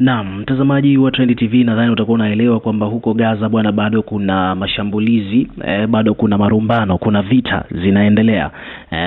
Naam, mtazamaji wa Trend TV nadhani utakuwa unaelewa kwamba huko Gaza bwana, bado kuna mashambulizi eh, bado kuna marumbano, kuna vita zinaendelea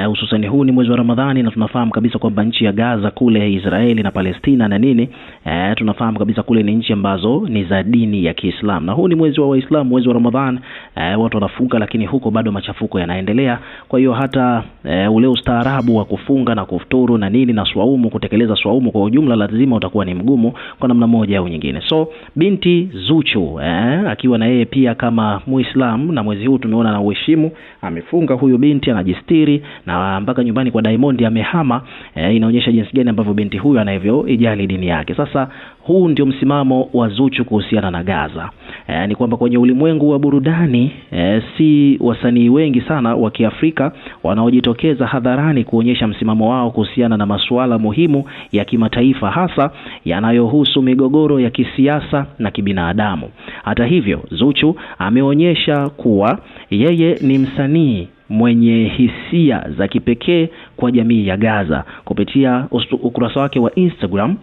hususani eh, huu ni mwezi wa Ramadhani na tunafahamu kabisa kwamba nchi ya Gaza kule Israeli na Palestina na nini eh, tunafahamu kabisa kule ni nchi ambazo ni za dini ya Kiislamu na huu ni mwezi wa Waislamu, mwezi wa Ramadhani e, watu wanafunga, lakini huko bado machafuko yanaendelea. Kwa hiyo hata e, ule ustaarabu wa kufunga na kufuturu na nini na swaumu, kutekeleza swaumu kwa ujumla, lazima utakuwa ni mgumu kwa namna moja au nyingine. So binti Zuchu e, akiwa na yeye pia kama Muislamu, na mwezi huu tumeona na uheshimu, amefunga huyu binti, anajistiri na mpaka nyumbani kwa Diamond amehama. E, inaonyesha jinsi gani ambavyo binti huyu anavyoijali dini yake. Sasa huu ndio msimamo wa Zuchu kuhusiana na Gaza. E, ni kwamba kwenye ulimwengu wa burudani e, si wasanii wengi sana wa Kiafrika wanaojitokeza hadharani kuonyesha msimamo wao kuhusiana na masuala muhimu ya kimataifa hasa yanayohusu migogoro ya kisiasa na kibinadamu. Hata hivyo, Zuchu ameonyesha kuwa yeye ni msanii mwenye hisia za kipekee kwa jamii ya Gaza kupitia ukurasa wake wa Instagram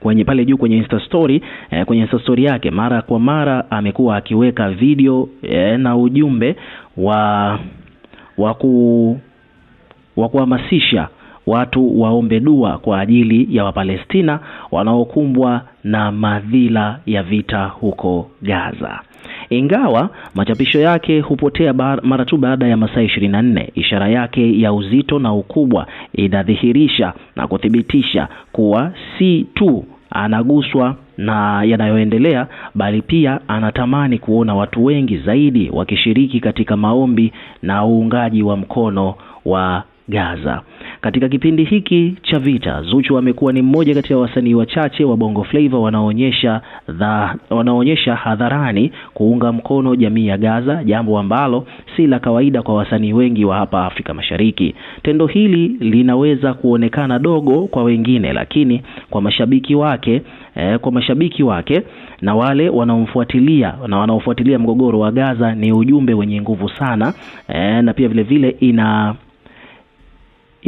kwenye pale juu kwenye Insta story eh, kwenye Insta story yake mara kwa mara amekuwa akiweka video eh, na ujumbe wa wa ku wa kuhamasisha watu waombe dua kwa ajili ya Wapalestina wanaokumbwa na madhila ya vita huko Gaza ingawa machapisho yake hupotea mara tu baada ya masaa nne Ishara yake ya uzito na ukubwa inadhihirisha na kuthibitisha kuwa si tu anaguswa na yanayoendelea bali pia anatamani kuona watu wengi zaidi wakishiriki katika maombi na uungaji wa mkono wa Gaza. Katika kipindi hiki cha vita, Zuchu amekuwa ni mmoja kati ya wasanii wachache wa Bongo Flava wanaonyesha dha, wanaonyesha hadharani kuunga mkono jamii ya Gaza, jambo ambalo si la kawaida kwa wasanii wengi wa hapa Afrika Mashariki. Tendo hili linaweza kuonekana dogo kwa wengine, lakini kwa mashabiki wake eh, kwa mashabiki wake na wale wanaomfuatilia na wanaofuatilia mgogoro wa Gaza ni ujumbe wenye nguvu sana eh, na pia vilevile vile ina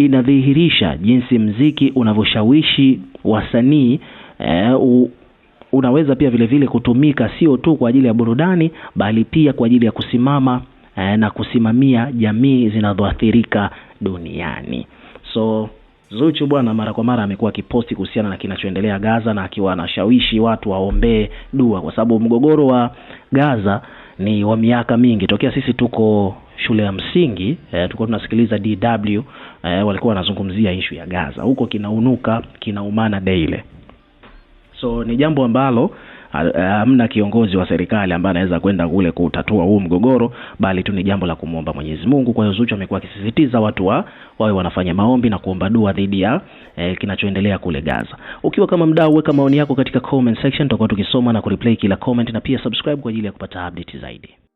inadhihirisha jinsi mziki unavyoshawishi wasanii e, unaweza pia vile vile kutumika sio tu kwa ajili ya burudani bali pia kwa ajili ya kusimama e, na kusimamia jamii zinazoathirika duniani. So Zuchu bwana, mara kwa mara amekuwa akiposti kuhusiana na kinachoendelea Gaza na akiwa anashawishi watu waombee dua, kwa sababu mgogoro wa Gaza ni wa miaka mingi tokea sisi tuko shule ya msingi eh, tulikuwa tunasikiliza DW eh, walikuwa wanazungumzia ishu ya Gaza huko, kinaunuka kinaumana daily. So ni jambo ambalo hamna kiongozi wa serikali ambaye anaweza kwenda kule kutatua huu mgogoro, bali tu ni jambo la kumwomba Mwenyezi Mungu. Kwa hiyo Zuchu amekuwa akisisitiza watu wa wawe wanafanya maombi na kuomba dua dhidi ya eh, kinachoendelea kule Gaza. Ukiwa kama mdau, weka maoni yako katika comment section, tutakuwa tukisoma na kureplay kila comment, na pia subscribe kwa ajili ya kupata update zaidi.